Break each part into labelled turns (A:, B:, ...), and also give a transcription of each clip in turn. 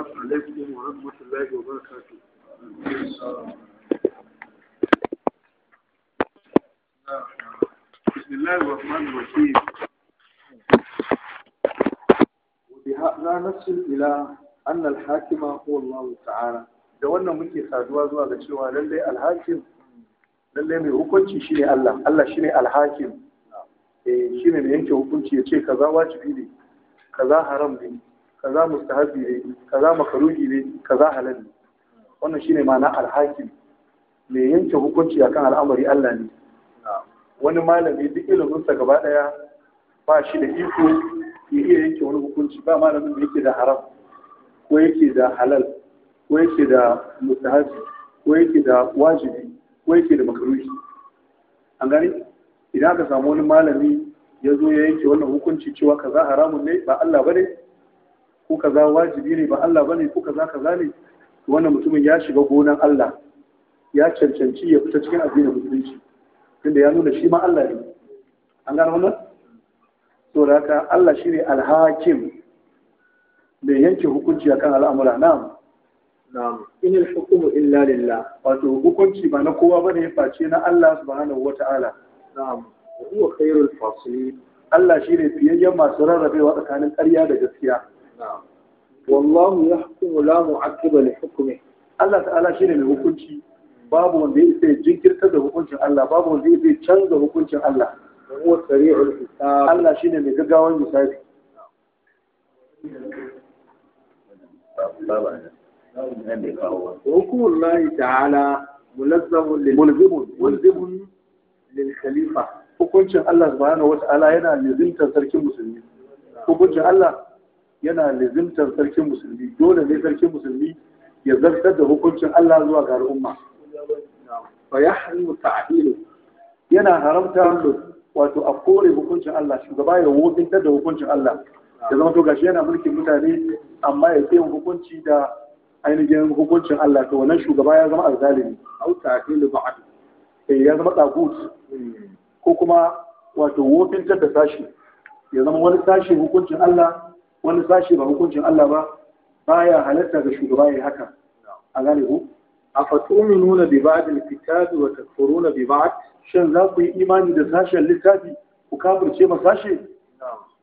A: السلام عليكم ورحمة الله وبركاته بسم الله الرحمن الرحيم وبهذا نصل إلى أن الحاكم هو الله تعالى da wannan muke saduwa zuwa ga cewa lallai alhakim lallai mai hukunci shine Allah Allah shine alhakim eh shine mai yanke hukunci ya ce kaza wajibi ne kaza haram ne kaza mustahabi ne kaza makaruhi ne kaza halal ne wannan shine ma'ana alhakim mai yanke hukunci akan al'amari Allah ne wani malami duk iliminsa gaba daya ba shi da iko ya iya yanke wani hukunci ba malamin da yake da haram ko yake da halal ko yake da mustahabi ko yake da wajibi ko yake da makaruhi an gani idan aka samu wani malami ya zo ya yanke wannan hukunci cewa kaza haramun ne ba Allah bane ko kaza wajibi ne ba Allah bane ko kaza kaza ne wannan mutumin ya shiga gonan Allah ya cancanci ya fita cikin addinin musulunci tunda ya nuna shi ma Allah ne an gano wannan to da haka Allah ne al-hakim mai yanke hukunci akan al'amura na'am na'am in al hukumu illa lillah wato hukunci ba na kowa bane face na Allah subhanahu wata'ala na'am huwa khairul fasilin Allah shi ne fiyayyen masu rarrabewa tsakanin ƙarya da gaskiya wallahu yahkumu la mu'aqqiba li Allah ta'ala shine mai hukunci babu wanda ya sai jinkirtar da hukuncin Allah babu wanda ya sai canza hukuncin Allah huwa sari'ul hisab Allah shine mai gaggawan hisabi وحكم الله تعالى ملزم ملزم ملزم للخليفة hukuncin Allah ta'ala yana lizintar sarkin musulmi yana lizimtar sarkin musulmi dole ne sarkin musulmi ya zartar da hukuncin Allah zuwa ga al'umma fa yahrimu ta'dilu yana haramta wato a kore hukuncin Allah shugaba ya wofintar da hukuncin Allah ya zama to gashi yana mulkin mutane amma ya tsayin hukunci da ainihin hukuncin Allah to wannan shugaba ya zama azzalimi au ta'dilu ba'd eh ya zama tagut hmm. ko kuma wato wofintar da sashi ya zama wani sashi hukuncin Allah wani sashi ba hukuncin Allah ba ba ya halatta ga shugaba ya haka a gane ku a fatuminuna bi ba'd da kitabi wa takfuruna bi ba'd shin za ku yi imani da sashen littafi ku kafirce ma sashe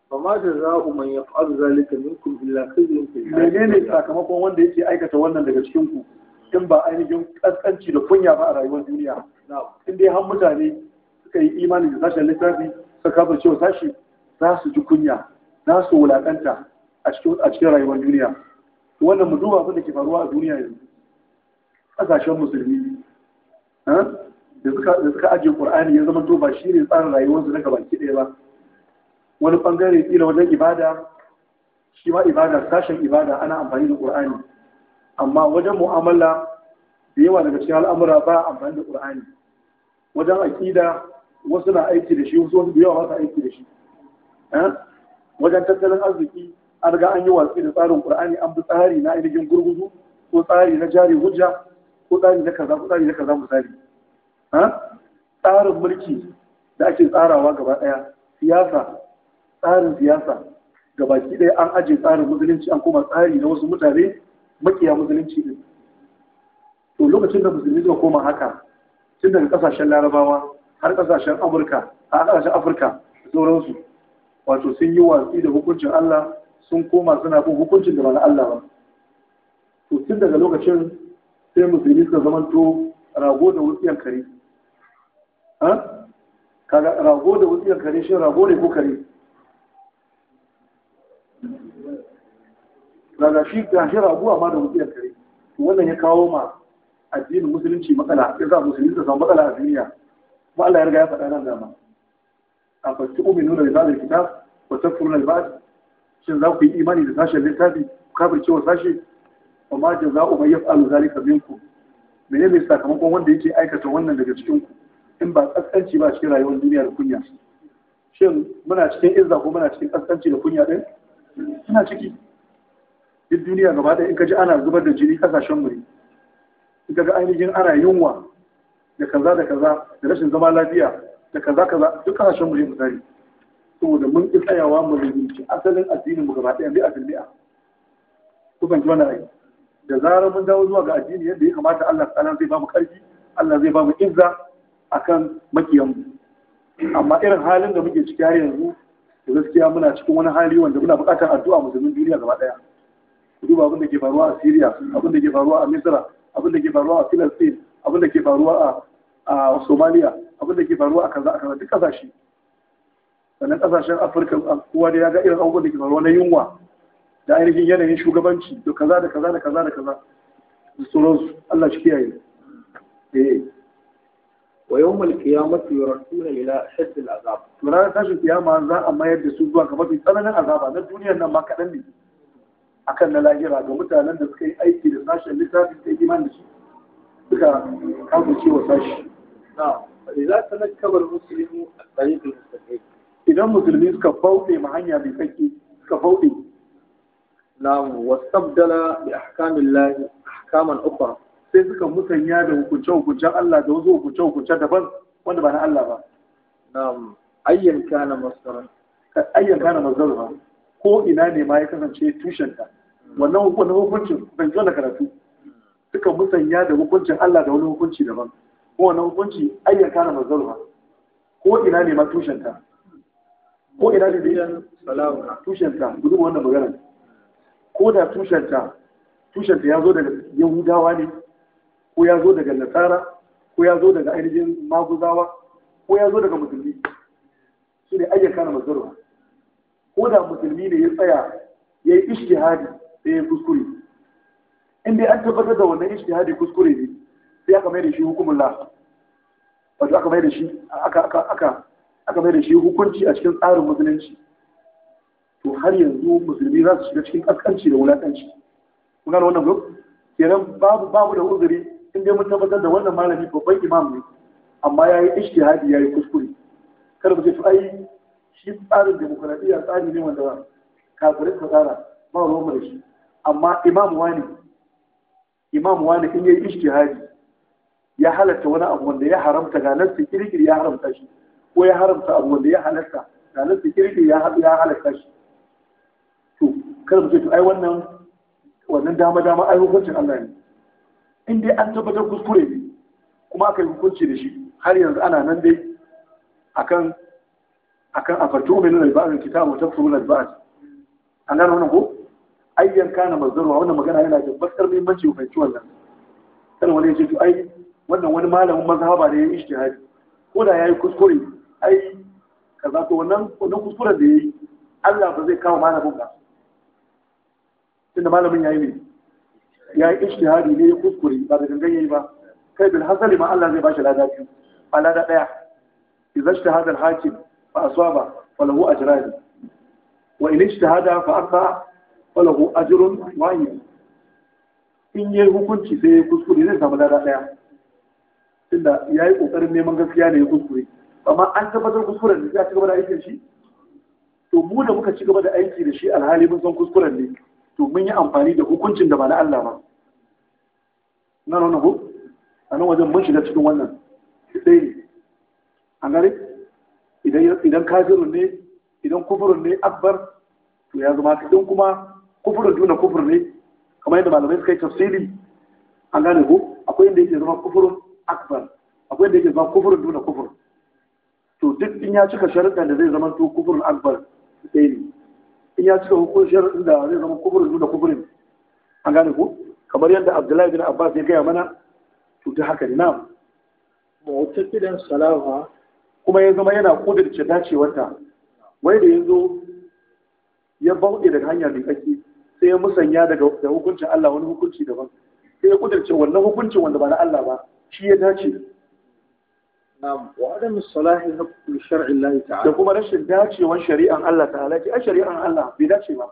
A: فما جزاء من يفعل ذلك منكم الا خزي في الحياه menene sakamakon wanda yake aikata wannan daga cikin ku in ba ainihin kaskanci da kunya ba a rayuwar duniya in dai har mutane suka yi imani da sashen littafi suka kafirce wa sashe za su ji kunya za su wulaƙanta a cikin rayuwar duniya wannan mu duba abin da ke faruwa a duniya yanzu ƙasashen musulmi eh, da suka ajiye ƙur'ani ya zama to shi ne tsarin rayuwarsu na gabaki ɗaya ba wani ɓangare ƙila wajen ibada shi ma ibada sashen ibada ana amfani da ƙur'ani amma wajen mu'amala da yawa daga cikin al'amura ba amfani da ƙur'ani wajen aƙida wasu na aiki da shi wasu da yawa ba su aiki da shi eh, wajen tattalin arziki an riga an yi watsi da tsarin qur'ani an bi tsari na ainihin gurguzu ko tsari na jari hujja ko tsari na kaza ko tsari na kaza misali tsarin mulki da ake tsarawa gaba daya siyasa tsarin siyasa gabaki ɗaya an aje tsarin musulunci an koma tsari na wasu mutane makiya musulunci din. to lokacin da musulmi suka koma haka tun daga ƙasashen larabawa har ƙasashen amurka a kasashen afirka da sauransu wato sun yi watsi da hukuncin Allah sun koma suna bin hukuncin da ba na Allah ba to tun daga lokacin sai musulmi suka to rago da wutsiyar kare kaga rago da wutsiyar kare shi rago ne ko kare daga shi gashi rago amma da wutsiyar kare wannan ya kawo ma addinin musulunci matsala ya sa musulmi suka samu matsala a duniya kuma Allah ya riga ya faɗa nan dama afatu uminuna bi hadhihi kitab wa takfuruna bi ba, shin za ku yi imani da sashen littafi ku kafirce wa sashi wa ma jaza'u man yaf'alu zalika minkum menene ne sakamakon wanda yake aikata wannan daga cikinku? in ba kaskanci ba cikin rayuwar duniya da kunya shin muna cikin izza ko muna cikin kaskanci da kunya din muna ciki duk duniya gaba ɗaya in ka ji ana zubar da jini kasashen mu ne in ka ga ainihin ana yunwa da kaza da kaza da rashin zama lafiya da kaza kaza duk kasashen mu ne misali saboda mun ki tsayawa mu rubuce asalin addinin mu gaba ɗaya bi'a bi'a ku ji wannan ai da zarar mun dawo zuwa ga addini yadda ya kamata Allah ta'ala zai ba mu ƙarfi Allah zai ba mu izza akan makiyan mu amma irin halin da muke ciki har yanzu gaskiya muna cikin wani hali wanda muna buƙatar addu'a musulmin duniya gaba ɗaya ku duba abin da ke faruwa a Syria abin da ke faruwa a Misra abin da ke faruwa a Palestine abin da ke faruwa a a somaliya abinda ke faruwa a kaza a kaza duk kasashe sannan kasashen afirka kowa da ya ga irin abubuwan da ke faruwa na yunwa da ainihin yanayin shugabanci da kaza da kaza da kaza da kaza da sauransu allah shi kiyaye eh wa yawmal qiyamati yuraduna ila ashaddi al-azab to ranar tashin kiyama za a mayar da su zuwa ga mafi tsananin azaba na duniyar nan ma kaɗan ne akan na lahira ga mutanen da suka yi aiki da sashen littafin da iman da su suka kafa ciwon sashi idan musulmi suka bauɗe ma hanya mai tsaki suka bauɗe na'am wasabdala ahkamin ahkamillahi ahkaman ukhra sai suka musanya da hukunce-hukuncen Allah da wasu hukunce-hukunce daban wanda ba na Allah ba. Na ayyan kana masarar Ayyan kana masdara ba. Ko ina ne ma ya kasance tushenta. Wannan hukuncin ban zo da karatu. Suka musanya da hukuncin Allah da wani hukunci daban. ko wannan hukunci ayyar kare mazalwa ko ina ne ma tushenta ko ina ne salawa tushenta gudu wanda wannan magana ko da tushenta tushenta ya zo daga yahudawa ne ko ya zo daga nasara ko ya zo daga ainihin maguzawa ko ya zo daga musulmi su ne ayyar kare mazalwa ko da musulmi ne ya tsaya ya yi ishtihadi sai ya kuskure in dai an tabbatar da wannan ishtihadi kuskure ne sai aka mai da shi lasa, wato aka mai da shi aka aka aka aka mai da shi hukunci a cikin tsarin musulunci to har yanzu musulmi za su shiga cikin kaskanci da wulakanci kun gano wannan group kenan babu babu da uzuri in dai mun tabbatar da wannan malami babban imam ne amma ya yi ishtihadi ya yi kuskure kada mu ce to ai shi tsarin demokradiyya tsari ne wanda kafin ka tsara ba ruwan mu da shi amma imam wani imam wani in yi ishtihadi ya halatta wani abu wanda ya haramta ga nan kirkir ya haramta shi ko ya haramta abu wanda ya halatta ga nan kirkir ya halatta shi to kar mu ce to ai wannan wannan dama dama ai hukuncin Allah ne in dai an tabbatar kuskure ne kuma aka yi hukunci da shi har yanzu ana nan dai akan akan afartu min al-ba'd kitabu tafsirul al-ba'd an gano wannan ko ayyan kana mazdarwa wannan magana yana da matsar muhimmanci ga fahimci wannan kan wani ya ce to ai wannan wani malamin mazhaba da ya yi ijtihadi ko da ya yi kuskure ai ka zato wannan wannan kuskuren da yayi Allah ba zai kawo malamin ba tunda malamin yayi ne yayi ijtihadi ne ya kuskure ba da gangan yi ba kai bil hasali ma Allah zai bashi lada biyu ba lada daya idza ijtahada al hakim fa asaba falahu ajran wa in ijtahada fa akhta falahu ajrun wahid in yayi hukunci sai kuskure zai samu lada daya tunda ya yi ƙoƙarin neman gaskiya ne ya kuskure amma an tabbatar kuskuren da ya ci gaba da aikin shi to mu da muka ci gaba da aiki da shi alhali mun san kuskuren ne to mun yi amfani da hukuncin da ba na Allah ba na nuna ko a nan wajen mun shiga cikin wannan sai ne an gare idan kafirun ne idan kufurin ne akbar to ya zama idan kuma kufurin duna kufur ne kamar yadda malamai suka yi tafsiri an gane ko akwai inda yake zama kufurin akbar akwai da yake zama kufurin duna kufur to duk in ya cika sharuɗan da zai zama to kufurin akbar ɗaya ne in ya cika hukun sharuɗin da zai zama kufurin duna kufurin an gane ku kamar yadda abdullahi bin abbas ya gaya mana to ta haka ne wata fidan salawa kuma ya zama yana kudirce dacewarta wai da yanzu ya bauɗe daga hanya mai tsaki sai ya musanya daga hukuncin Allah wani hukunci daban sai ya kudirce wannan hukuncin wanda ba na Allah ba shi ya dace na wa adam salahi haqqi shar'i Allah ta'ala da kuma rashin dacewan shari'an Allah ta ki a shari'an Allah bai dace ba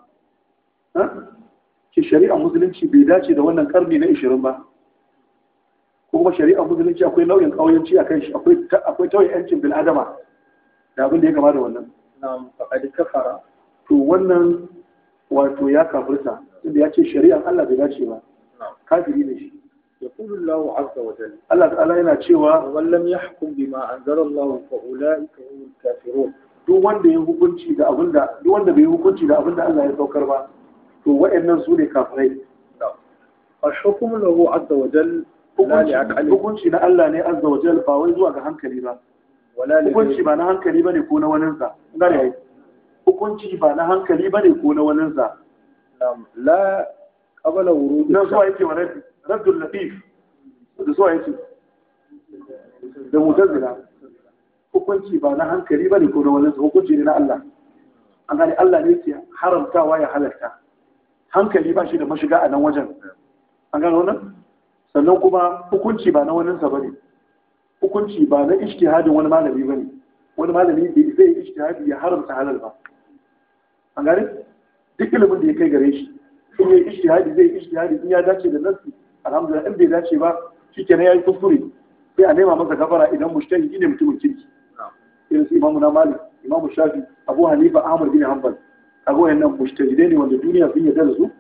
A: ke shari'an musulunci bai dace da wannan karni na 20 ba ko kuma shari'an musulunci akwai nau'in kauyanci kan shi akwai tauye yancin bin adama da abin da ya gama da wannan na faqad kafara to wannan wato ya kafirta inda ya ce shari'an Allah bai dace ba kafiri ne shi يقول الله عز وجل الله تعالى هنا cewa ومن لم يحكم بما أنزل الله فأولئك هم الكافرون duk wanda ya hukunci da abinda duk wanda bai hukunci da abinda Allah ya saukar ba to wa'annan su ne kafirai الحكم له عز وجل hukunci na Allah ne azza wa jal ba wai zuwa ga hankali ba hukunci ba na hankali bane ko na wani sa ngare hukunci ba na hankali bane ko na wani sa la qabala wurud nan so yake wa rabbi raddul latif da so yake da mutazila hukunci ba na hankali ba ne ko da wani hukunci ne na Allah an gani Allah ne ke haramtawa ya halarta hankali ba shi da mashiga a nan wajen an gani wannan sannan kuma hukunci ba na wani waninsa ba ne hukunci ba na ishtihadin wani malami ba ne wani malami bai zai ishtihadi ya haramta halal ba an gani duk ilimin da ya kai gare shi in ya ishtihadi zai ishtihadi in ya dace da nassi alhamdulillah in bai dace ba ya yi kuskure sai a nema masa gafara idan shi ne mutumin kirki irin su imamu na malik imamu shafi abu hanifa ahmad bin hanbal kaga wayannan mushtahidai ne wanda duniya sun yarda da su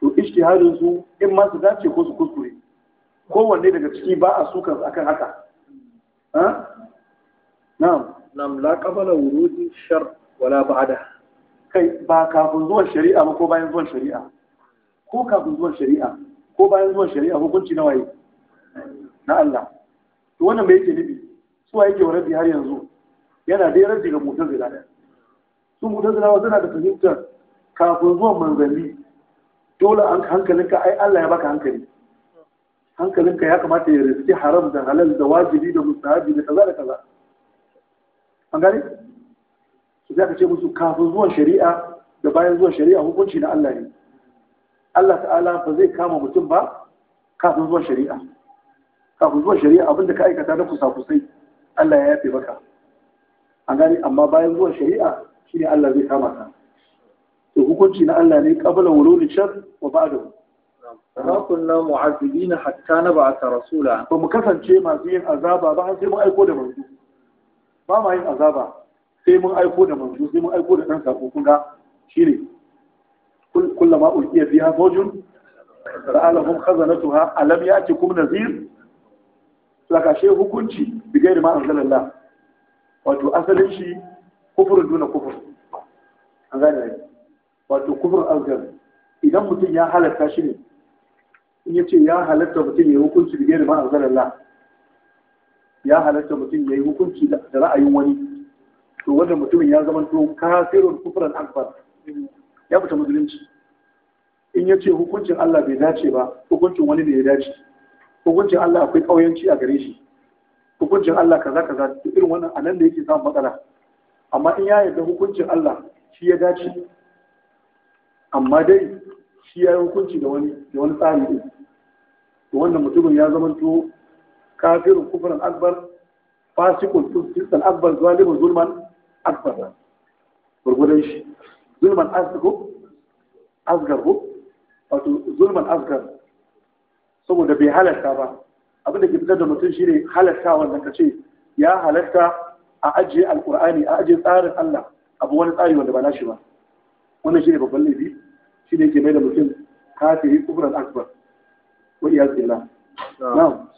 A: to ijtihadin su in ma su dace ko su kuskure kowanne daga ciki ba a suka akan haka ha na'am nam la qabala wurudi shar wala ba'da kai ba kafin zuwan shari'a ba ko bayan zuwan shari'a ko kafin zuwan shari'a ko bayan zuwan shari'a hukunci na waye na Allah to wannan bai yake nufi suwa yake wa rabbi har yanzu yana dai rabbi ga mutazila su mutazila wasu suna da fahimtar kafin zuwan manzanni dole an hankalinka ai Allah ya baka hankali hankalinka ya kamata ya riski haram da halal da wajibi da mustahabi da kaza da kaza an gane su za ka ce musu kafin zuwan shari'a da bayan zuwan shari'a hukunci na Allah ne Allah ta'ala ba zai kama mutum ba kafin zuwan shari'a kafin zuwan shari'a abinda ka aikata na kusa-kusai Allah ya yafe maka A gani amma bayan zuwan shari'a shi ne Allah zai kama ka to hukunci na Allah ne kabila qabla wurudi shar wa ba'dahu na kunna na hatta nab'atha rasula ba mu kasance masu yin azaba ba sai mun aiko da manzu. ba ma yin azaba sai mun aiko da manzu, sai mun aiko da dan sako kun ga shine kullama ulqiya fiha zawjun sa'alahum khazanatuha alam ya'tikum nadhir saka she hukunci bi gairi ma anzalallah wato asalin shi kufrun duna kufur an gane wato kufur azgar idan mutum ya halatta shi ne in ya ce ya halatta mutum ya yi hukunci bigayar ma anzalallah ya halatta mutum ya yi hukunci da ra'ayin wani to wanda mutumin ya zama to kafirun kufuran akbar ya fita musulunci in ya ce hukuncin Allah bai dace ba hukuncin wani ne ya dace hukuncin Allah akwai ƙauyanci a gare shi hukuncin Allah kaza kaza ta irin wannan a nan da yake samun matsala amma in ya yarda hukuncin Allah shi ya dace amma dai shi ya yi hukunci da wani da wani tsari ne to wannan mutumin ya zamanto kafirin kufurin akbar fasikun fiskan akbar zalimin zulman akbar gurgudan shi zulman asgo asgar ko wato zulman asgar saboda bai halarta ba abin da ke fitar da mutum shine halarta wannan ce ya halarta a ajiye alkur'ani a ajiye tsarin Allah abu wani tsari wanda ba nashi ba wannan shi ne babban laifi shi ne ke mai da mutum kafiri kufran akbar wa iya billah na'am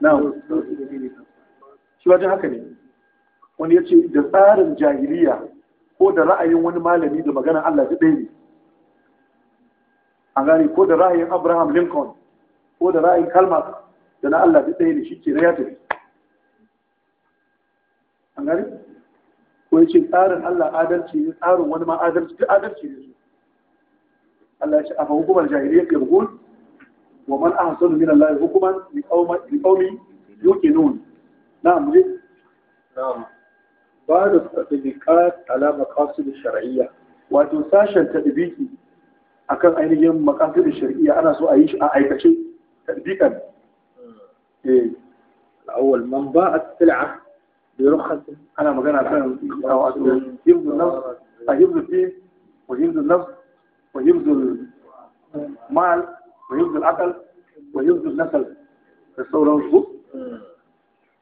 A: na'am shi wajen haka ne wani ya ce da tsarin jahiliya ko da ra'ayin wani malami da magana Allah da ɗaya ne an gane ko da ra'ayin Abraham Lincoln ko da ra'ayin Kalmar da na Allah da ɗaya ne shi ke na ya tafi an gane ko ya ce tsarin Allah adalci ne tsarin wani ma adalci duk adalci ne su Allah ya ce a fa hukumar jahiliyyar yargun wa man ahsanu min Allah hukuman li qaumi yuqinun na'am na'am بعض تطبيقات على مقاصد الشرعية وتنساش التطبيق أكان أين يوم مقاصد الشرعية أنا سوء أيش أعيش شيء تطبيقا إيه. أول من باع سلعة برخص أنا مقانا كان يمز النفس يمز الدين ويمز النفس ويمز المال ويمز العقل ويمز النسل تصور أنه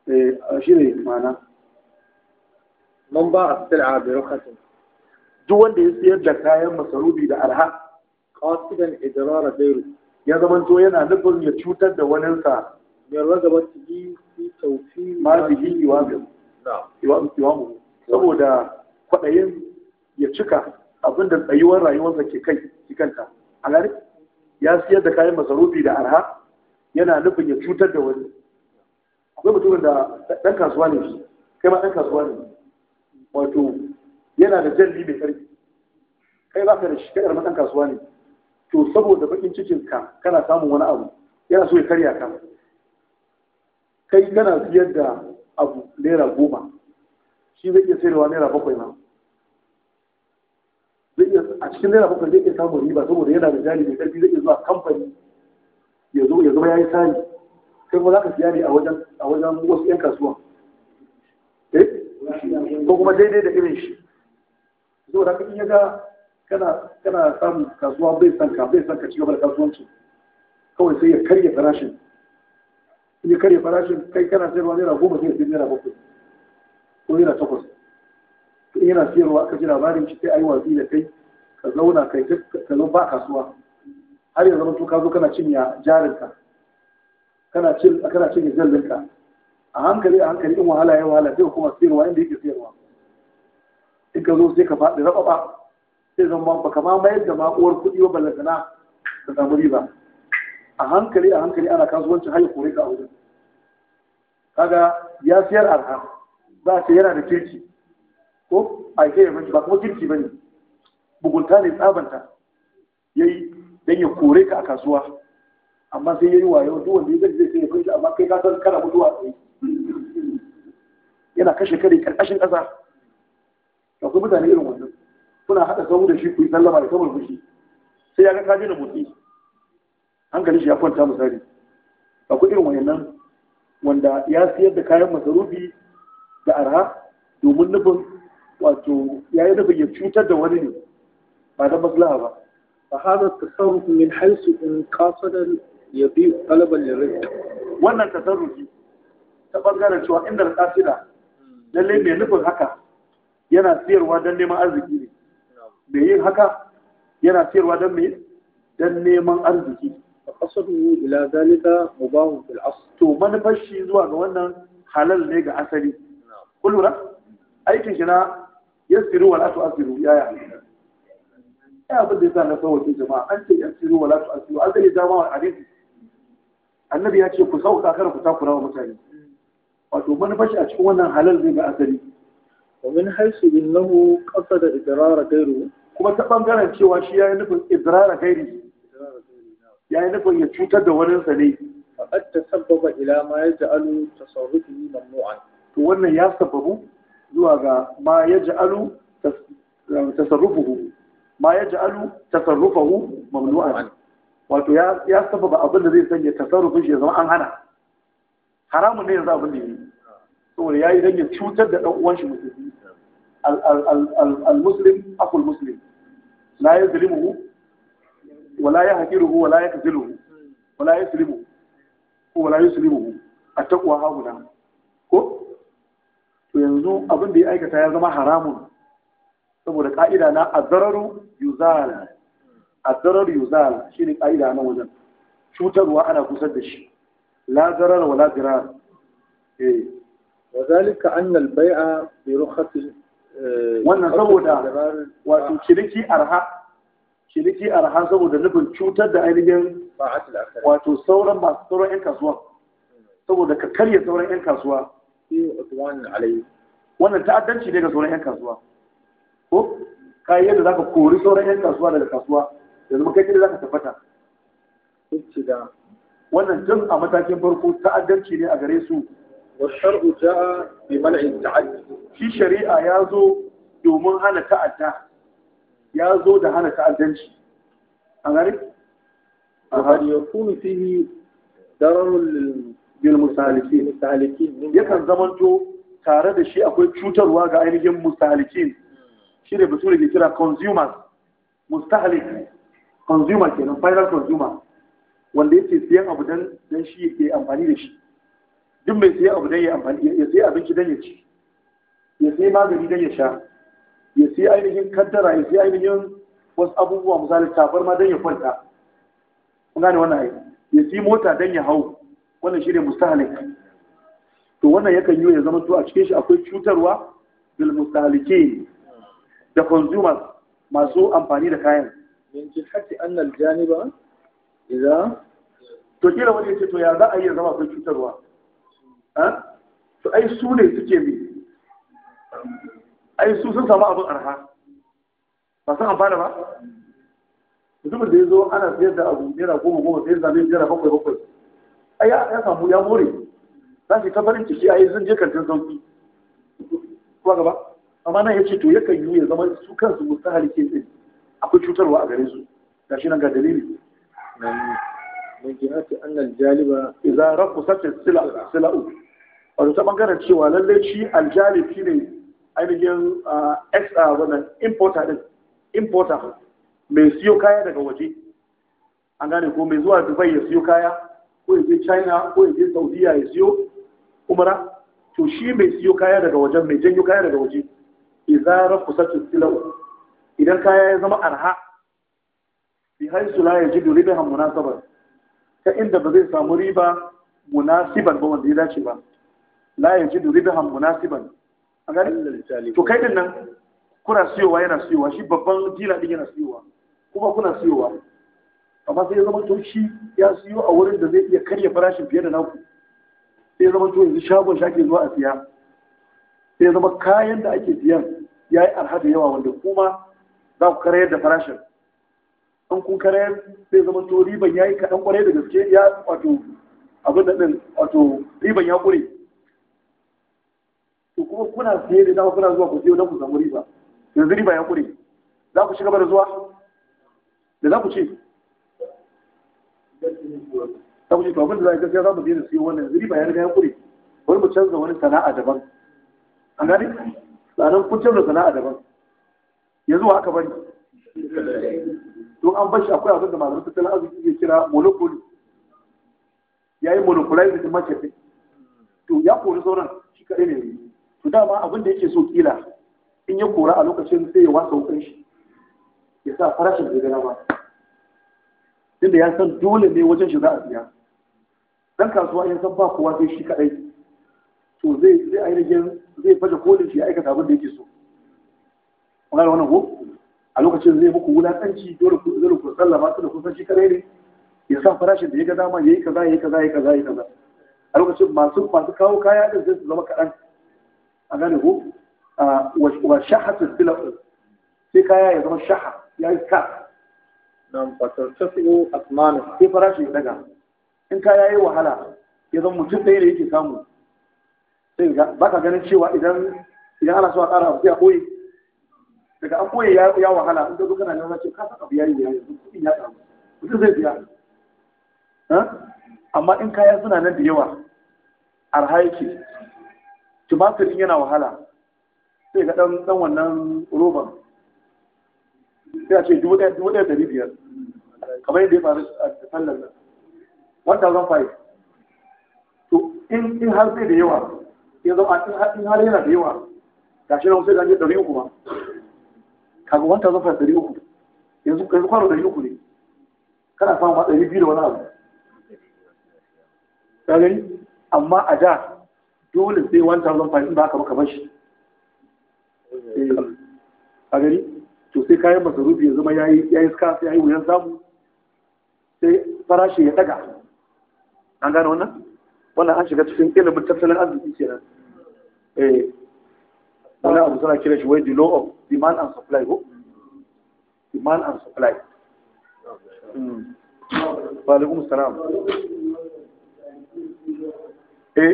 A: إيه أشيري معناه man ba a sil'a bi rukatin duk wanda ya sayar da kayan masarufi da arha qasidan idrara ghayri ya zamanto yana nufin ya cutar da wani sa min ragabati fi tawfi ma bihi iwamu iwamu saboda kwaɗayin ya cika abinda tsayuwar rayuwarsa ke kai kanta a gari ya siyar da kayan masarufi da arha yana nufin ya cutar da wani akwai mutumin da ɗan kasuwa ne shi kai ma ɗan kasuwa ne wato yana da jalli mai karfi kai ba ka da shi kai matan kasuwa ne to saboda bakin cikin ka kana samun wani abu yana so ya karya ka kai kana siyar da abu naira goma shi zai iya sayarwa naira bakwai ma zai iya a cikin naira bakwai zai iya samun riba saboda yana da jari mai karfi zai iya zuwa kamfani ya zo ya zama ya yi sani kai kuma za ka siya ne a wajen wasu 'yan kasuwa ko kuma daidai da irin shi zo da kan ya ga kana kana samun kasuwa bai san ka bai san ka ci gaba da kasuwanci kawai sai ya karya farashin in ya karye farashin kai kana sayarwa naira goma sai ya sayar naira bakwai ko naira takwas to yana sayarwa aka ji labarin shi sai ayi watsi da kai ka zauna kai ka zo ba kasuwa har yanzu zama to ka zo kana cinya jarinka kana cin kana zallin ka. a hankali a hankali in wahala ya wahala sai kuma sayarwa inda yake sayarwa ka zo sai ka faɗi raba ba sai zama baka ma mayar da ma'uwar kuɗi ba ballantana ka samu riba a hankali a hankali ana kasuwancin har kore ka a wajen kaga ya siyar arha za a ce yana da kirki ko a yi kai mashi ba kuma kirki ba ne bugunta ne tsabanta ya yi don ya kore ka a kasuwa amma sai ya yi wayo duk wanda ya gaji zai sai ya fashi amma kai ka san kana mutuwa tsaye yana kashe kare karkashin ƙasa akwai mutane irin wannan kuna haɗa sahu da shi ku yi sallama da kamar fushi sai ya ga ka daina motsi hankali shi ya kwanta misali akwai irin wannan wanda ya siyar da kayan masarufi da arha domin nufin wato ya yi nufin ya cutar da wani ne ba da maslaha ba fa hada tasarruf min haythu in qasada yabi talaban lirizq wannan tasarrufi ta bangaren cewa inda qasida lalle mai nufin haka yana siyarwa don neman arziki ne mai yin haka yana siyarwa don me don neman arziki mu ila zalika mubahun fil asl to manufar shi zuwa ga wannan halal ne ga asali kulura aikin shi na yasiru wala asiru yaya ya abin da yasa na sauke jama'a an ce yasiru wala asiru, an zai dama wa hadisi annabi ya ce ku sauka kar ku takura wa mutane wato manufar shi a cikin wannan halal ne ga asali ومن حيث انه قصد اضرار غيره kuma ta ɓangaren cewa shi ya yi nufin idrara gairi ya yi nufin ya cutar da waninsa ne faɗar ta sababa ila ma ya ja'alu mamnu'an to wannan ya sababu zuwa ga ma yaj'alu tasarrufuhu ma yaj'alu tasarrufuhu tasarrufahu mamnu'an wato ya sababa abin da zai sanya tasarrufin shi zama an hana haramun ne yanzu abin da ya yi saboda ya yi don ya cutar da dan uwan shi musulmi al-muslim akul muslim la yazlimuhu wala yahqiruhu wala yakziluhu wala yuslimu ko wala yuslimu at-taqwa hauna ko yanzu abin da ya aikata ya zama haramun saboda ka'ida na azzararu yuzal azzararu yuzal shine ka'ida na wajen cutarwa ana kusar da shi la zarar wala eh وذلك أن البيع برخص wannan saboda wato ciniki arha ciniki arha saboda nufin cutar da ainihin wato sauran masu sauran 'yan kasuwa saboda ka karya sauran 'yan kasuwa wannan ta'addanci ne ga sauran 'yan kasuwa ko ka yadda za ka kori sauran 'yan kasuwa daga kasuwa da zama kai za ka tabbata wannan tun a matakin farko ta'addanci ne a gare su والشرع جاء بمنع التعدي في شريعه يازو domin hana ta'adda ya zo da hana ta'addanci a gari a hari ya kuni fihi zamanto tare da shi akwai cutarwa ga ainihin musalikin shi ne bature ke kira consumers mustahalik consumer final consumer wanda yake siyan abu dan shi yake amfani da shi duk mai siya abu don ya amfani ya siya abinci don ya ci ya siya magani don ya sha ya siya ainihin kaddara ya siya ainihin wasu abubuwa misali tafar ma don ya kwanta kun gane wannan ai ya siya mota don ya hau wannan shi ne mustahalik to wannan yakan yi ya zama to a cikin shi akwai cutarwa bil mustahalike da consumers masu amfani da kayan min jihati anna janiba Idan? to kila wani ya ce to ya za a yi zama akwai cutarwa to ai su ne suke bi ai su sun samu abin arha ba sun amfana ba mutumin da ya zo ana sayar da abu naira goma goma sai da naira bakwai bakwai ai ya samu ya more za shi ta farin ciki ai sun je kantin sauki kuma gaba amma nan ya ce to yakan yi ya zama su kansu mustahali ke tsaye akwai cutarwa a gare su ga shi nan ga dalili من جهة أن الجالب إذا رفضت السلع سلعه wato ta bangare cewa lallai shi aljali shi ne ainihin extra wannan importer din importer mai siyo kaya daga waje an gane ko mai zuwa dubai ya siyo kaya ko ya je china ko ya je saudiya ya siyo umara to shi mai siyo kaya daga wajen mai janyo kaya daga waje izara kusacin silau idan kaya ya zama arha bi haisu la ya jidu ribahan munasabar ta inda ba zai samu riba munasiban ba wanda ya dace ba la yajidu na siban a gani to kai din nan kuna siyowa yana siyowa shi babban dila din yana siyowa kuma kuna siyowa amma sai ya zama to shi ya siyo a wurin da zai iya karya farashin fiye da naku sai ya zama to yanzu shagon shake zuwa a siya sai ya zama kayan da ake siyan ya yi arha da yawa wanda kuma za ku karayar da farashin an kun karayar sai zama to riban ya yi kaɗan kwarai da gaske ya wato abin da ɗin wato riban ya ƙure to kuma kuna saye da dama kuna zuwa ku sayo don ku samu riba yanzu riba ya kure za ku shiga gaba da zuwa da za ku ce za ku ce to abin da za a gaskiya za mu je da sayo wannan yanzu riba ya riga ya kure wani mu canza wani sana'a daban an gani tsanan kun canza sana'a daban yanzu haka bari to an bashi akwai abin da malamin tattalin arziki ke kira monopoly ya yi monopolizing market to ya kori sauran shi kaɗai ne to dama abin da yake so kila in ya kora a lokacin sai ya wasa wukan shi ya sa farashin zai gana ba Inda ya san dole ne wajen shi za a biya dan kasuwa ya san ba kowa sai shi kadai to zai zai ainihin zai baje kolin shi ya aikata abin da yake so kun wani wannan ko a lokacin zai muku wulakanci dole ku zuru ku sallama su da kusan shi kadai ne ya sa farashin da ya ga dama yayi kaza yayi kaza yayi kaza yayi kaza a lokacin masu masu kawo kaya din zai su zama kaɗan a gane ko wa shahatul ku sai kaya ya zama shaha ya yi ka nan fatar tafiyo asmanu sai farashi ya daga in kaya ya yi wahala ya zama mutum ɗaya da yake samu sai ba ka ganin cewa idan ana so a ƙara abu ya koyi. daga an koyi ya wahala in ka zo kana neman ce ka san abu ya yi ya yi ya samu mutum zai biya amma in kaya suna nan da yawa arha yake tumatir yana wahala sai ga ɗan wannan roban sai a ce dubu ɗaya ɗari biyar kamar yadda ya faru a sallar nan 1,500 to in har zai da yawa ya zama in har yana da yawa ga shi nan sai gaje ɗari uku ma kaga 1,500 ɗari uku yanzu kwano ɗari uku ne kana samun ma ɗari biyu da wani abu gani amma a da dole sai 1000 in ba haka baka shi eh, a gari to sai kayan masarufi ya zama yayi yayi scarce yi wuyan samu sai farashi ya daga an gane wannan wannan an shiga cikin ilimin tattalin arziki kenan eh wani abu suna kira shi wai the law of demand and supply ko demand and supply hmm. wa alaikum salam eh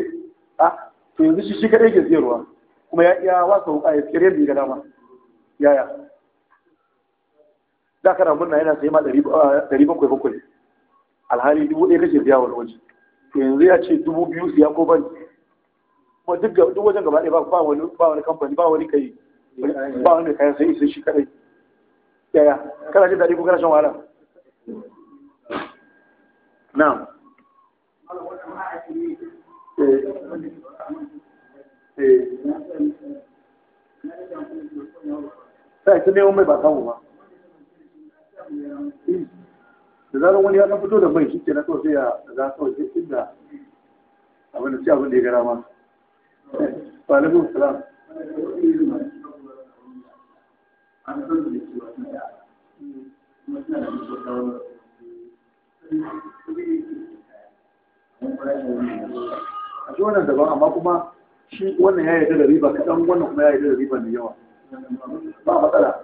A: ah to yanzu shi shi kadai ke tseruwa kuma ya iya wasa wuka ya tsere yadda ya dama yaya da kana murna yana sai ma ah, ɗari bakwai bakwai alhali dubu ɗaya kashe biya wani waje to yanzu ya ce dubu biyu siya ko bari kuma duk wajen gaba ɗaya ba wani ba wani kamfani ba wani kai ba wani kayan sai isa shi kadai yaya kana jin daɗi ko kana shan wahala na'am eh. sai ta neman mai ba samu ba da zarar wani ya ɗan fito da mai shi ke na kawai ya za a kawai sai da abin da ci abin da ya gara ma ba na bin salam a shi wannan daban amma kuma shi wannan ya yarda da riba kaɗan wannan kuma ya yarda da riba mai yawa ba matsala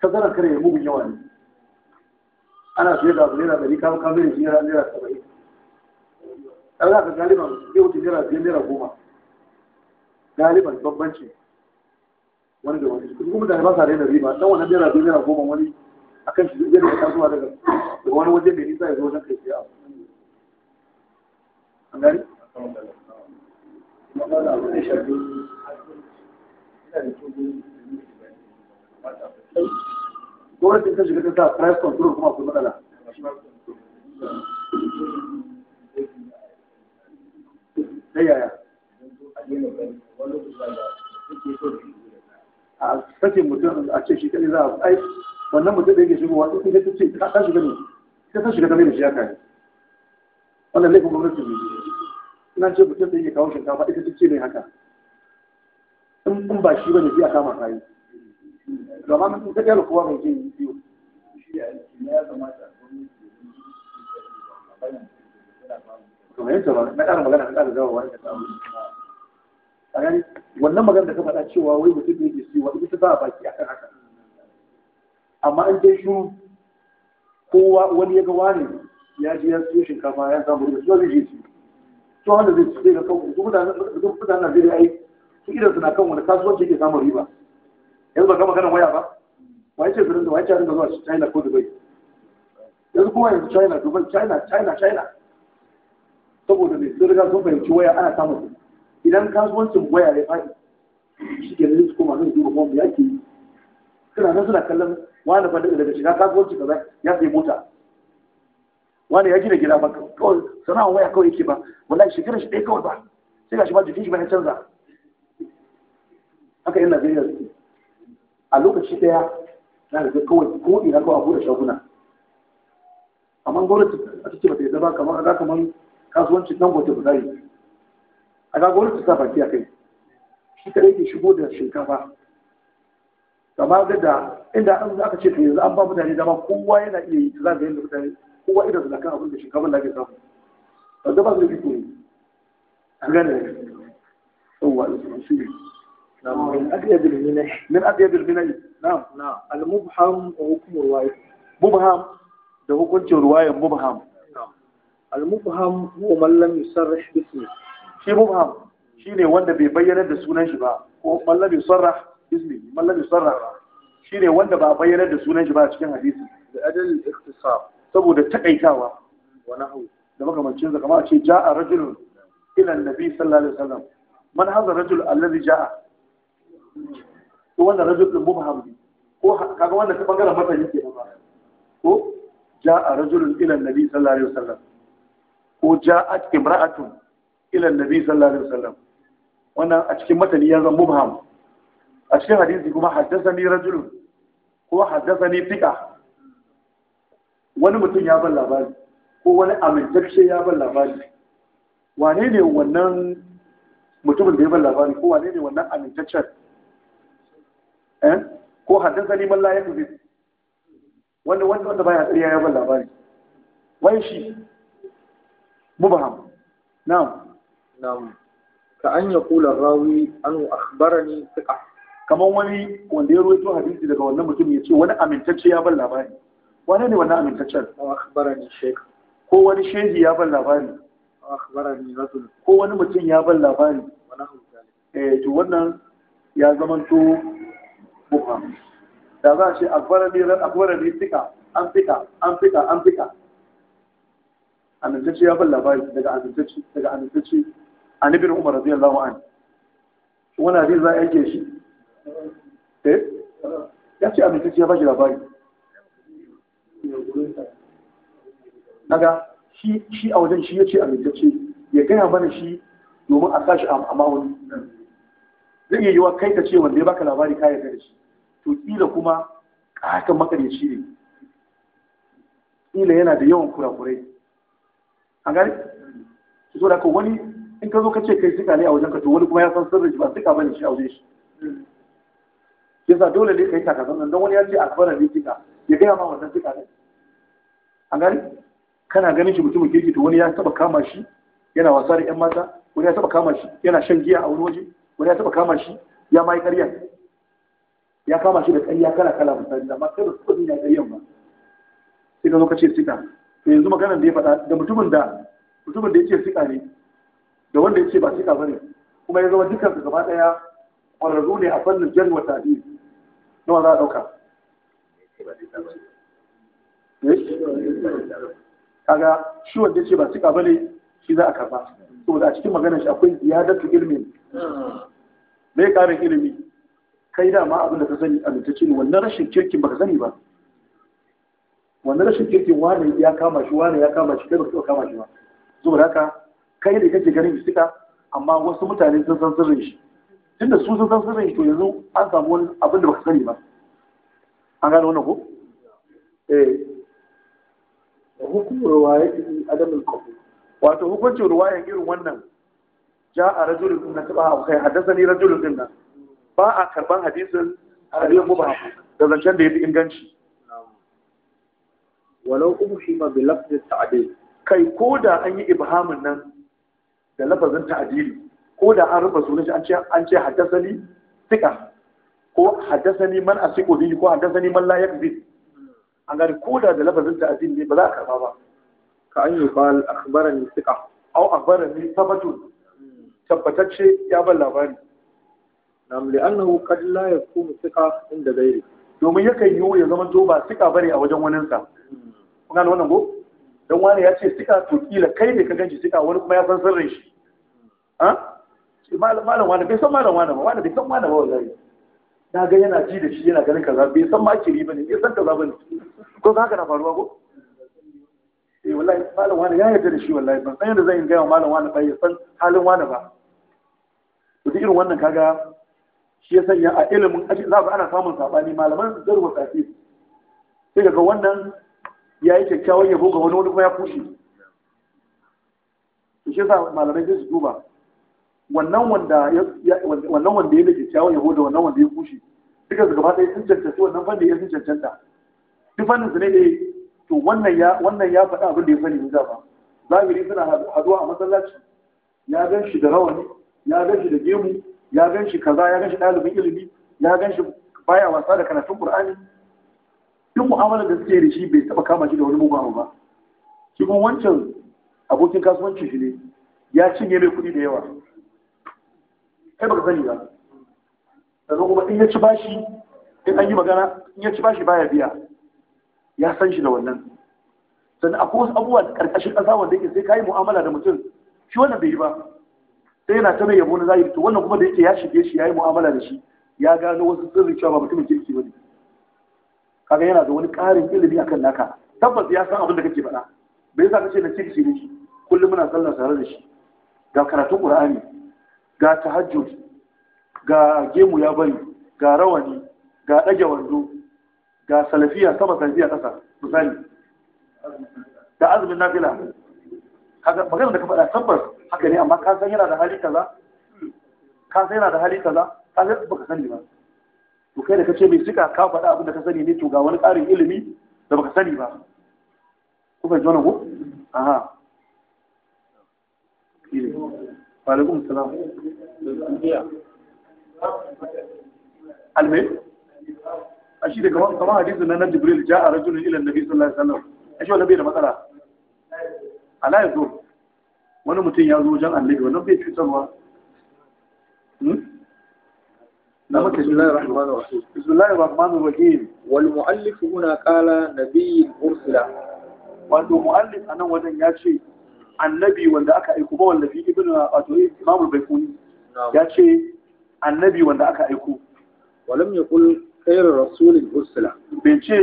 A: tazarar kare ya mugun yawa ne ana fiye da abu naira ɗari kawo kawo mai naira naira saba'in ɗan ka galiban zai wuce naira biyar naira goma galiban bambanci wani da wani kuma da ba sa daina riba Ɗan wannan naira biyar naira goma wani akan shi zai da kasuwa daga wani waje mai nisa ya zo wajen kai siya abu an gani gwamnatin ta shiga ta sa price control kuma akwai matsala ta yaya a sakin mutum a ce shi kaɗai za a ai wannan mutum da yake shigowa ita ta ce ta shiga ne ta shiga ta mai da shi ya ne wannan laifin gwamnatin ne na ce mutum da yake kawo shinkafa ita ta ce mai haka in ba shi ba ne sai a kama kayi domin mutum ta kyara kowa mai ke yi biyu wannan magana da ka faɗa cewa wai mutum da yake siwa ita ba a baki akan haka amma an dai shi kowa wani ya ga wani ya ji ya siyo shinkafa ya samu da su zai je su to wanda zai ci ga kanku su mutanen mutanen Najeriya ai su irin suna kan wani kasuwanci ke samun riba yanzu ba gama ganin waya ba wai ce zurin da wai ce zuwa China ko Dubai yanzu kuma yanzu China Dubai China China China saboda mai sun riga sun fahimci waya ana samun su idan kasuwancin waya ya fadi, shi ke nan su koma zai duba bomb ya ke yi suna nan suna kallon wani fa daga shiga kasuwanci kaza ya sai mota wani ya gina gida ba kawai sana'a waya kawai yake ba wala shi shekarar shi ɗaya kawai ba sai ga shi ba jikin shi ba ya canza haka yan Najeriya su a lokaci ɗaya na da kawai ko ina kawai a bude shaguna amma gwamnati a ce ba ta yi zaba kamar a kamar kasuwancin nan wata ba zai a ga gwamnati ta baki a kai shi kadai ke shigo da shinkafa kama da inda aka ce to yanzu an ba mutane dama kowa yana iya yi za ga yadda mutane kowa idan suna abin da shinkafin da ake samu wanda ba su da fito ne an gane ne yawwa su ne من أبيض المنع نعم نعم المبهم حكم الرواية مبهم ده هو كنت رواية مبهم نعم المبهم هو من لم يصرح باسمه شيء مبهم شيء ne wanda bai bayyana da sunan shi ba ko man lam yusarrah ismi man lam yusarrah shine wanda ba bayyana da sunan shi ba cikin hadisi da adal ikhtisar saboda taƙaitawa, wani hau da makamancin zaka ma ce ja a rajulun ila annabi sallallahu alaihi wasallam man hadha rajul alladhi ja'a ko wannan rajul din mubham ne ko kaga wannan ta bangaren mata yake ba ko a rajulun ila annabi sallallahu alaihi wasallam ko ja'at imra'atun ila annabi sallallahu alaihi wasallam wannan a cikin matani ya zama mubham a cikin hadisi kuma haddathani rajulun ko haddathani fiqa wani mutum ya ban labari ko wani amintacce ya ban labari wane ne wannan mutumin da ya ban labari ko wane ne wannan amintaccen eh? ko haddasa Zani man ya kuzi wanda wanda wanda baya tsariya ya ban labari wai shi mubaham na'am na'am ka an ya kula rawi an akhbarani suka. kaman wani wanda ya ruwaito hadisi daga wannan mutum ya ce wani amintacce ya ban labari wani ne wannan amintaccen akhbarani shaykh ko wani shehi ya ban labari akhbarani rasul ko wani mutum ya ban labari eh to wannan ya to buha da za a ce akhbarani akhbarani tika an fika an fika an fika amintacce ya ban labari daga amintacce daga amintacce A ibn umar radiyallahu an wannan hadisi za a yake shi eh ya ce amintacce ya ba shi labari naga shi shi a wajen shi yace amintacce ya gaya mana shi domin a sashi a wani zai iya yiwa kai ka ce wanda ya baka labari ka yarda da shi to kila kuma kakan makaryaci ne kila yana da yawan kurakurai an gani so da wani in ka zo ka ce kai suka ne a wajen ka to wani kuma ya san sirri ba suka bane shi a wajen shi yasa dole ne kai takasan nan don wani ya ce akbara ne kika ya gaya ma wannan suka ne an gani kana ganin shi mutumin kirki to wani ya taba kama shi yana wasa da yan mata wani ya taba kama shi yana shan giya a wani waje wani ya taba kama shi ya mai ƙarya ya kama shi da ƙarya kala kala misali amma kai ba taba nuna ƙaryan ba sai ka zo ka ce sika to yanzu maganar da ya faɗa da mutumin da mutumin da ya ce sika ne da wanda ya ce ba sika ba ne kuma ya zama dukkan su gaba ɗaya ƙwararru ne a fannin jan wa nawa za a ɗauka eh? kaga shi wanda ce ba cika bane shi za a karba saboda a cikin magana shi akwai ziyadatu ilmi mai karin ilimi kai da ma abin da ka sani a mutace ne wannan rashin kirkin baka sani ba wannan rashin kirkin wani ya kama shi wani ya kama shi kai ka kama shi ba saboda haka kai ne kake ganin suka amma wasu mutane sun san sirrin shi tunda su sun san sirrin shi to yanzu an samu wani abin da baka sani ba an gano wannan ko eh hukumar hukumin ruwayatihi adamul qabul wato hukuncin ruwayan irin wannan ja a rajulun na taba kai haddasa ni rajulun din nan ba a karban hadisin hadisin mubah da zancen da ya fi inganci walau umu shi ma bi lafzin ta'adil kai ko da an yi ibhamin nan da lafazin ta'adili ko da an rufe sunan shi an ce an ce haddasa ni tika ko haddasa ni man asiqu bihi ko haddasa ni man la yakzib an gani ko da da lafazin ne ba za a karba ba ka an yi qal Au thiqa aw akhbarani thabatun tabbatacce ya ban labari nam li'annahu qad la yakunu thiqa inda ghairi domin yakan yi ya zama to ba thiqa bane a wajen wanin sa kun gane wannan ko dan wani ya ce thiqa to kila kai ne ka ganci thiqa wani kuma ya san sirrin shi ha ah? malam wani bai san malam wani ba wani bai san malam ba wallahi na ga yana ji da shi yana ganin kaza bai san makiri bane bai san kaza bane ko za ka na faruwa ko eh wallahi malam wani ya yarda da shi wallahi ban san yadda zan gaya wa malam wani ba ya san halin wani ba to irin wannan kaga shi ya sanya a ilimin aji za ga ana samun sabani malaman zarwa tsafi sai ga wannan ya yi kyakkyawan yabo ga wani wani kuma ya kushe shi yasa malamai sai su duba wannan wanda ya dake kyawun yahuda wannan wanda ya kushe duka su gaba ɗaya sun cancanta wannan fannin ya sun cancanta duk fannin su ne ne to wannan ya faɗa abin da ya sani mun ba zahiri suna haduwa a masallaci ya gan shi da rawani ya gan shi da gemu ya gan shi kaza ya gan shi ɗalibin ilimi ya gan shi baya wasa da karatun qur'ani duk mu'amalar da suke da shi bai taɓa kama shi da wani mugu ba shi kuma wancan abokin kasuwanci shi ne ya cinye mai kuɗi da yawa kai baka sani ba sannan kuma in ya ci bashi in an yi magana in ya ci bashi baya biya ya san shi da wannan sannan akwai wasu abubuwa da karkashin ƙasa wanda yake sai kayi mu'amala da mutum shi wannan bai yi ba sai yana ta mai yabo na zahiri to wannan kuma da yake ya shige shi ya yi mu'amala da shi ya gano wasu sirrin cewa ba mutumin kirki ba ne kaga yana da wani ƙarin ilimi akan naka tabbas ya san abin da kake faɗa bai yasa ce na kirki ne shi kullum muna sallar tare da shi ga karatun ƙur'ani ga tahajjud ga gemu ya bari ga rawani ga ɗage wando ga salafiya sama salafiya ƙasa misali da azumin nafila kaga magana da ka faɗa tabbas haka ne amma ka san yana da hali kaza ka san yana da hali kaza ka san baka sani ba to kai da kace mai sika ka faɗa abin da ka sani ne to ga wani ƙarin ilimi da baka sani ba ku fahimci wannan ko aha Walaikum salam. Alme? A shi da kamar hadisin nan na Jibril ja a rajulun ilan Nabi sallallahu alaihi A shi wanda bai da matsala. Ala ya zo. Wani mutum ya zo wajen bai cutarwa. بسم الله الرحمن الرحيم بسم الله الرحمن الرحيم والمؤلف هنا قال نبي مرسلا والمؤلف أنا وزن يا شيخ annabi wanda aka aiko ba wanda fi ibn wato imamul baikuni ya ce annabi wanda aka aiko walam yaqul khairu rasulin ursila bai ce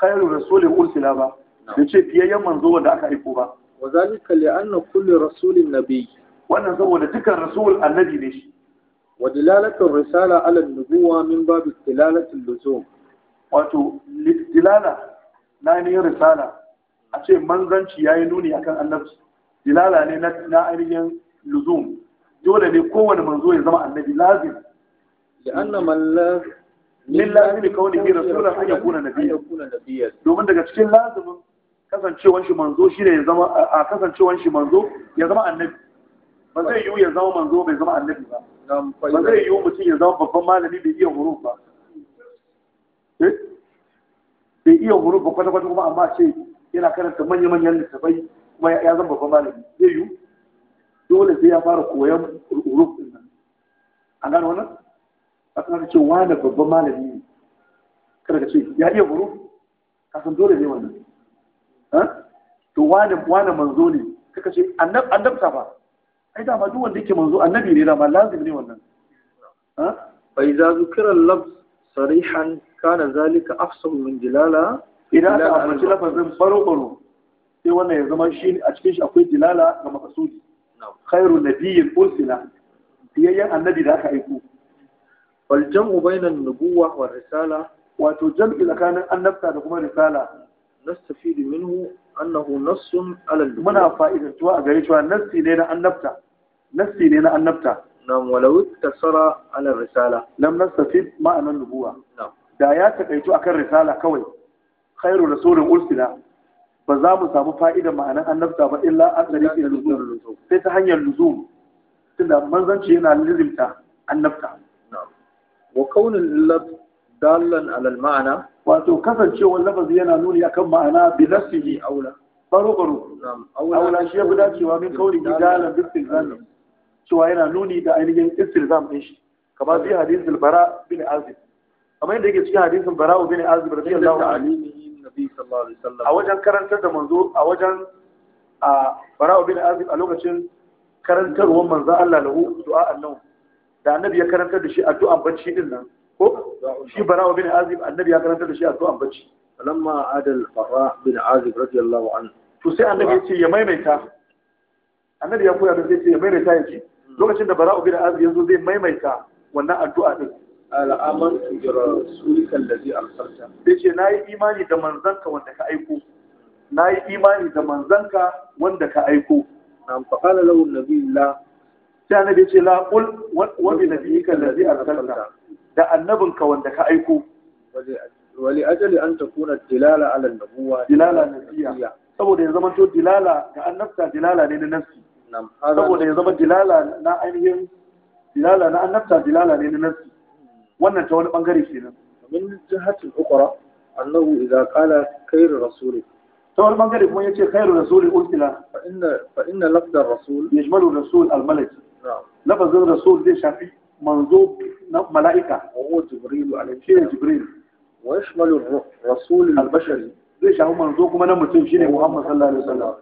A: khairu rasulin ursila ba bai ce fiyayyen manzo wanda aka aiko ba wa zalika li anna kulli rasulin nabiy wannan saboda dukkan rasul annabi ne shi wa dilalatu risala ala nubuwa min babu dilalatu luzum wato dilala na ne risala a ce manzanci yayi nuni akan annabci dilala ne na ainihin luzum dole ne kowane manzo ya zama annabi lazim لأن من لا من لازم كونه رسولا أن na biyar. domin daga cikin lazimin kasancewan shi manzo shine ya zama a kasancewan shi manzo ya zama annabi ba zai yiwu ya zama manzo bai zama annabi ba ba zai yiwu mutum ya zama babban malami bai iya huruf ba eh? bai iya huruf ba kwata-kwata kuma amma ce yana karanta manya-manyan littattafai. kuma ya zama babban malami zai yiwu dole sai ya fara koyon ruruf din nan an gano wannan a kan ce wani babban malami ne kada ka ce ya iya ruruf kafin dole ne wannan to wani wani manzo ne kaka ce annabta ba ai dama duk wanda yake manzo annabi ne dama lazim ne wannan fa idza zukira lafz sarihan kana zalika afsahu min jilala idan aka ambaci lafazin baro baro sai wannan ya zama shi a cikin shi akwai jilala ga makasudi khairu nabiyyin ursila biyayyen annabi da aka aiko wal jam'u bainan nubuwa wa risala wato jam'i tsakanin annabta da kuma risala nastafidu minhu annahu nassun ala muna fa'idantuwa a gare cewa nassi ne na annabta nassi ne na annabta nam walau tasara ala risala lam nastafid ma'anan nubuwa da ya takaitu akan risala kawai khairu rasulin ursila ba za mu samu fa'idan ma'anar annabta ba illa an tsari ke sai ta hanyar luzum tunda manzanci yana lirimta annabta wa kaunin lab dallan alal ma'ana wato kasancewar lafazi yana nuni akan ma'ana bi nafsihi aula baro baro aula shi ya fi dacewa min kaunin dallan bi istilzam cewa yana nuni da ainihin istilzam ɗin shi kamar bi hadisul bara bin azim. kamar yadda yake cikin hadisin bara'u bin azib radiyallahu anhu a wajen karantar da manzo a wajen a bara'u bin azib a lokacin karantarwar manzo Allah lahu du'a annahu da annabi ya karantar da shi addu'an bacci din nan ko shi bara'u bin azib annabi ya karantar da shi addu'an bacci lamma adal bara bin azib radiyallahu anhu to sai annabi ya ce ya maimaita annabi ya koya da zai ce ya maimaita ya ce hmm. lokacin da bara'u bin azib yanzu zai maimaita wannan addu'a din al'amantu bi rasulika allazi arsalta yace nayi imani da manzanka wanda ka aiko nayi imani da manzanka wanda ka aiko nan fa qala lahu nabiyullah sai annabi ce la qul wa bi nabiyika allazi arsalta da annabinka wanda ka aiko wali ajali an takuna dilala ala nabuwa dilala nabiyya saboda ya zama to dilala ga annabta dilala ne na nafsi saboda ya zama dilala na ainihin dilala na annabta dilala ne na nafsi wannan ta wani bangare kenan min jihatil ukhra annahu idza qala khairu rasul ta wani bangare kuma yace khairu rasul ursila fa inna fa inna lafdar rasul yajmalu rasul al malak lafazin rasul zai shafi manzo na mala'ika wa huwa jibril alayhi shi jibril wa yashmalu rasul al bashari zai shafi manzo kuma na mutum shine muhammad sallallahu alaihi wasallam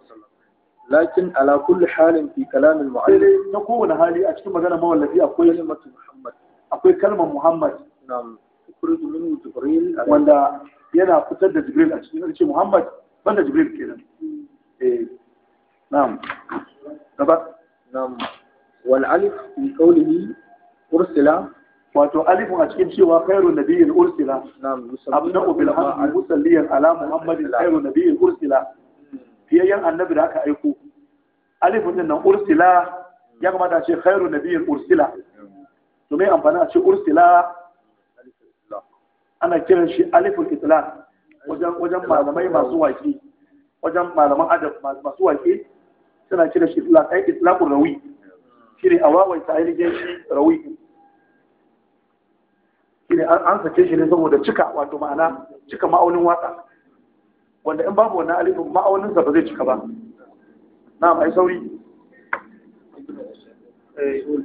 A: لكن على كل حال في كلام المعلم نقول هذه أشتم مجانا مولى في akwai كلمة muhammad. akwai kalmar Muhammad wanda yana fitar da Jibril a cikin ce Muhammad banda Jibril kenan eh na'am gaba na'am wal alif fi qawlihi ursila wato alif a cikin cewa khairun nabiyyin ursila na'am abna bil hamd musalliyan ala muhammadin khairun nabiyyin ursila hmm. fiyayyen annabi da aka aiko Alifin nan ursila ya kamata a ce na nabiyyin ursila hmm. mai amfani a ce ursila ana kiran shi aliful itlaq wajen wajen malamai masu waki wajen malaman adab masu waki suna kiran shi itlaq ai eh, itlaqur rawi shi ne a wawaita ainihin shi rawi shi ne an sake shi ne saboda cika wato ma'ana cika ma'aunin waka wanda in babu wannan alifin ma'aunin sa ba zai cika ba na mai sauri eh,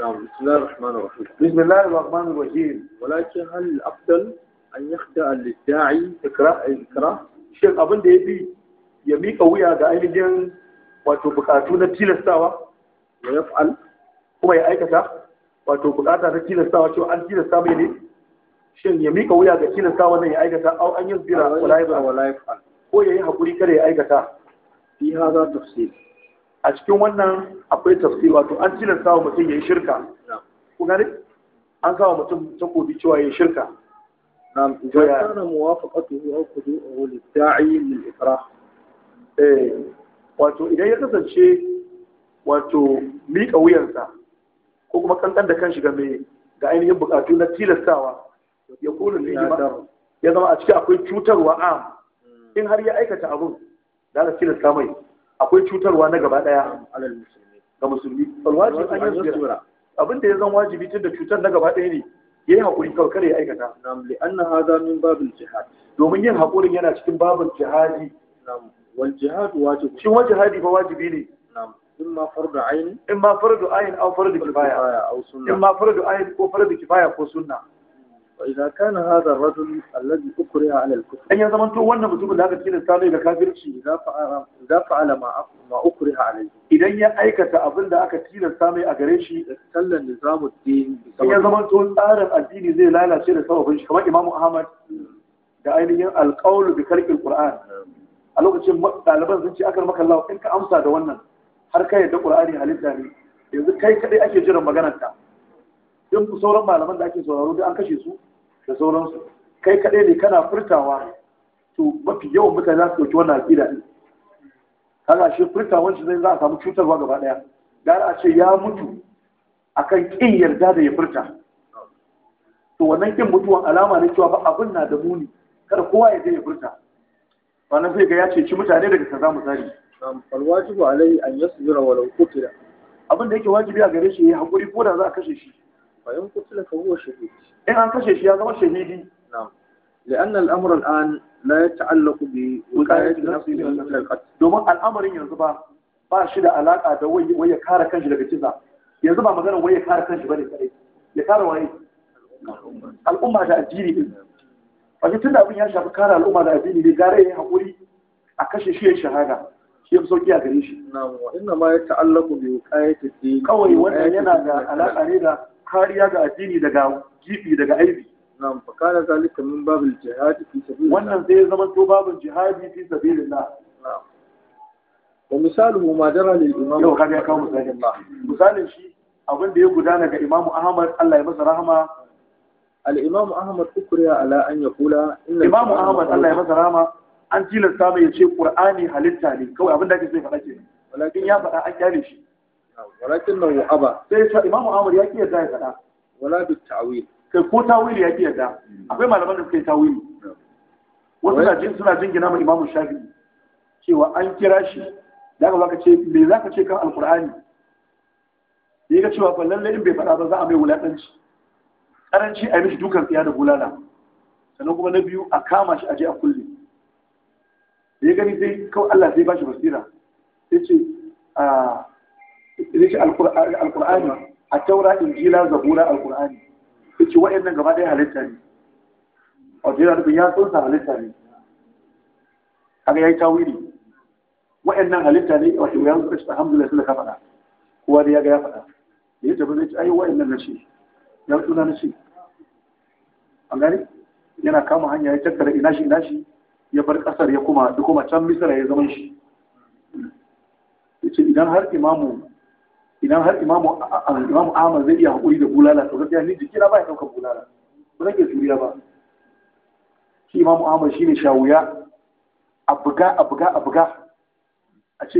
A: بسم الله الرحمن الرحيم بسم الله الرحمن الرحيم ولكن هل الأفضل أن يخدع للداعي إكراه إكراه شيخ أبن ديبي يميك wato bukatu na tilastawa ya yaf'al kuma ya aikata wato bukata ta tilastawa cewa an tilasta mai ne shin ya mika wuya ga tilastawa nan ya aikata au an yi zira wala yaf'al ko ya yi hakuri kada ya aikata fi hadha tafsir a cikin wannan akwai tafsir wato an tilasta wa mutum ya yi shirka ku gani an sa wa mutum takobi cewa ya yi shirka نعم إذا كان موافقته أو خضوعه للداعي للإكراه wato idan ya kasance wato miƙa wuyansa ko kuma kankan da kan shiga mai ga ainihin bukatu na tilastawa ya kone ne ya zama a cikin akwai cutarwa a hmm. in har ya aikata abun da aka tilasta mai akwai cutarwa na gaba daya ga musulmi alwajib an yasbira abin da ya zan wajibi tun da cutar na gaba daya ne ya yi haƙuri kawai ya aikata nam an na haza min babin jihad domin yin haƙurin yana cikin babin jihadi nam wal jihad wajib shi wa jihadi wajibi ne In ma fara ayn imma fardu ayn aw fardu kifaya aw sunna imma fardu ayn ko fardu kifaya ko sunna فإذا كان هذا الرجل الذي أكره على الكفر أي زمان تو wannan mutumin da aka tilasta mai ga kafirci idan fa'ala idan fa'ala ma ma ukriha alayhi idan ya aikata abin da aka tilasta mai a gare shi sallan nizamu din ya zaman to tsarin addini zai lalace da sababin shi kamar Imam Ahmad da ainihin alqaul bi khalqil Qur'an a lokacin ɗaliban sun ce akar maka Allah in ka amsa da wannan har kai da Qur'ani halitta ne yanzu kai kadai ake jiran maganar ta duk sauran malaman da ake sauraro duk an kashe su da sauransu kai kaɗai ne kana furtawa to mafi yawan mutane za su ɗauki wannan aƙida ɗin kaga shi furtawan shi zai za a samu cutarwa gaba ɗaya gara a ce ya mutu akan ƙin yarda da ya furta to wannan ƙin mutuwan alama ne cewa ba abin na da muni kada kowa ya je ya furta wannan zai ga ya ceci mutane daga kaza misali alwajibu alai an yasbira walau qutila abin da yake wajibi a gare shi ya hakuri ko da za a kashe shi in an kashe shi ya zama shahidi na'am لأن الأمر الآن لا يتعلق بولاية النفس من القتل domin al'amarin yanzu ba ba shi da alaka da wai ya kare kanshi daga ciza, yanzu ba magana wai ya kare kanshi bane kadai ya kare waye al'umma da addini din wace tun da abin ya shafi kare al'umma da addini ne gare ya haƙuri a kashe shi ya shahada shi ya fi sauki a gare shi na'am wa inna ma ya ta'allaqu bi wiqayati kawai wannan yana da alaka ne da kariya ga addini daga gibi daga aibi na'am fa kana zalika min babil jihadi fi sabilillah wannan zai zama to babin jihadi fi sabilillah Ba wa misaluhu ma jara lil imam yau kaga ya kawo ba misalin shi abin da ya gudana ga imam ahmad Allah ya masa rahama al imam ahmad ukriya ala an yaqula inna imam ahmad Allah ya masa rahama an tilasta mai ya ce qur'ani halitta ne kawai abin da ake so ya faɗa ke walakin ya faɗa an kyale shi walakin nan aba sai sa imamu amr ya kiyar da ya faɗa wala bi ta'wil kai ko ta'wil ya kiyar da akwai malaman da suke ta'wil wasu na jin suna jingina ma imamu shafi'i cewa an kira shi da ka zaka ce me zaka ce kan alqur'ani sai ka cewa fa lalle in bai faɗa ba za a mai wulaƙanci karanci a yi dukan tsiya da ulala. sannan kuma na biyu a kama shi a je a kulle da ya gani sai kawai Allah sai ba shi basira sai ce a ah, rishi alkur'ani a taura injila zabura alkur'ani wa'annan gaba ɗaya halitta ne ya tsunsa halitta ne kaga yayi tawili wa'annan halitta ne ya shi alhamdulillah sai ka faɗa kowa da ya ga ya faɗa ya ce ai wa'annan na ce ya na ce an gani yana kama hanya ya tattara ina shi ina shi ya bar kasar ya kuma da kuma can misira ya zama shi yace idan har imamu idan har imamu imamu Ahmad zai iya haƙuri da bulala to gaskiya ni jikina ba ya ɗaukar bulala ba zan iya juriya ba shi imamu Ahmad shine shawuya a buga a buga a buga a ce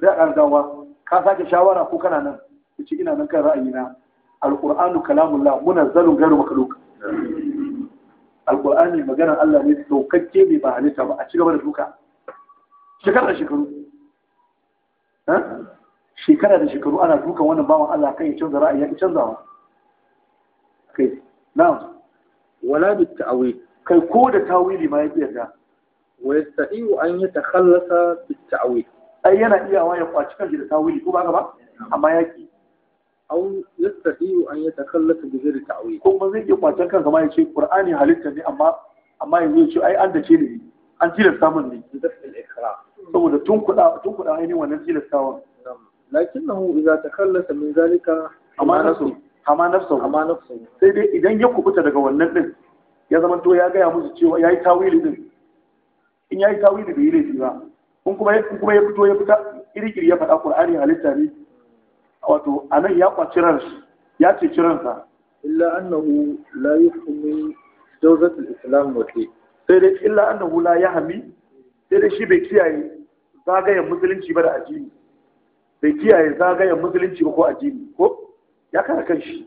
A: sai a ƙarzawa ka sake shawara ko kana nan ya ce ina nan kan ra'ayina alƙur'anu kalamullah munazzalun gairu makhluq alƙur'ani maganar Allah ne saukakke ne ba halitta ba a ci gaba da duka shekara da shekaru shekara da shekaru ana dukan wannan bawan Allah kan ya canza ra'ayi ya canzawa kai na'am wala bi ta'wil kai ko da tawili ma yake yarda wa yastati'u an yatakhallasa bi ta'wil ai yana iyawa ya kwaci kan da tawili ko ba ga ba amma yaki au yasta'iu an yatakhallasa bi ghairi ta'wil ko ba zai iya kwacin kan ma ya ce qur'ani halitta ne amma amma yanzu ya ce ai an dace ne an tilasta mun ne saboda tun kuɗa tun kuɗa ainihin wannan tilastawan lakinnahu idza kallata min zalika amma nafsu amma sai dai idan ya kubuta daga wannan ɗin, ya zama to ya gaya musu cewa yi tawili din in yi tawili bai yi ba in kuma ya fito ya fita kirkiri ya faɗa qur'ani halitta ne wato anan ya kwaci ransa ya ce ransa illa annahu la yuhmi dawlat al-islam wa sai dai illa annahu la yahmi sai dai shi bai kiyaye zagayen musulunci ba da addini bai kiyaye zagayen musulunci ba ko addini ko ya kare kan shi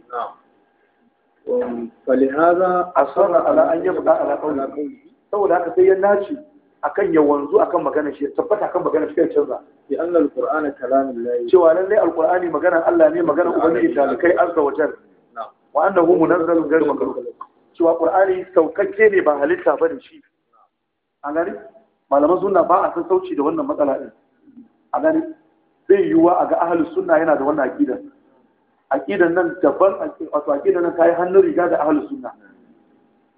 A: falihaza asarra ala an yabda ala qawli saboda haka sai ya nace akan ya wanzu akan magana shi tabbata akan magana shi kai canza bi annal qur'ana kalamullahi cewa lallai alqur'ani magana Allah ne magana ubangiji da kai azza wa jal wa annahu munazzal ghayr makhluq cewa qur'ani saukakke ne ba halitta bane shi an gani malaman sunna ba a san sauci da wannan matsala din a gani zai yiwuwa a ga ahalus suna yana da wannan aqidar Aƙidan nan daban wato aƙidan nan yi hannun riga da ahlus suna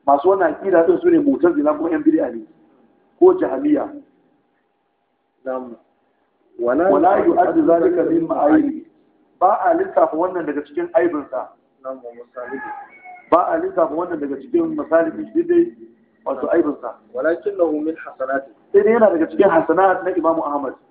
A: masu wannan aqida din sune mu'tazila kuma yan bid'a ne ko jahiliya nam wala wala yu'addu zalika min ma'ayib ba a lissafa wannan daga cikin aibin sa nam ba a lissafa wannan daga cikin misalin shi dai wato aibin sa walakin lahu min hasanati sai yana daga cikin hasanat na imamu ahmad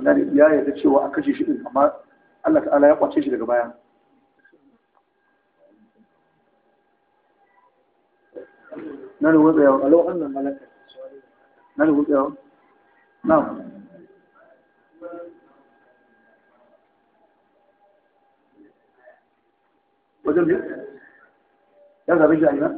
A: gani ya yarda cewa a kashe shi din amma Allah ta'ala ya kwace shi daga baya na da wutsa yawon alau annan malaka na da wutsa yawon na wajen biyu ya zaɓe shi a ina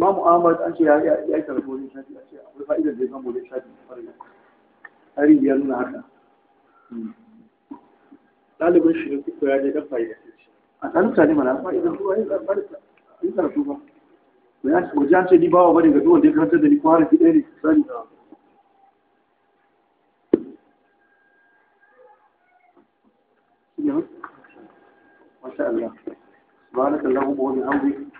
A: imam ahmad an ce ya yi karbo ne shafi a ce akwai fa'idar da ya samu da shafi farko hari biyar nuna haka ɗalibin shi ne kuka ya je ɗan fa'ida a tsarin sa ne mana fa'idar ruwa ya yi karatu ba wajen an ce ni bawa bane ga duwanda ya karanta da ni ko harafi ɗaya ne sani ما شاء الله سبحانك اللهم وبحمدك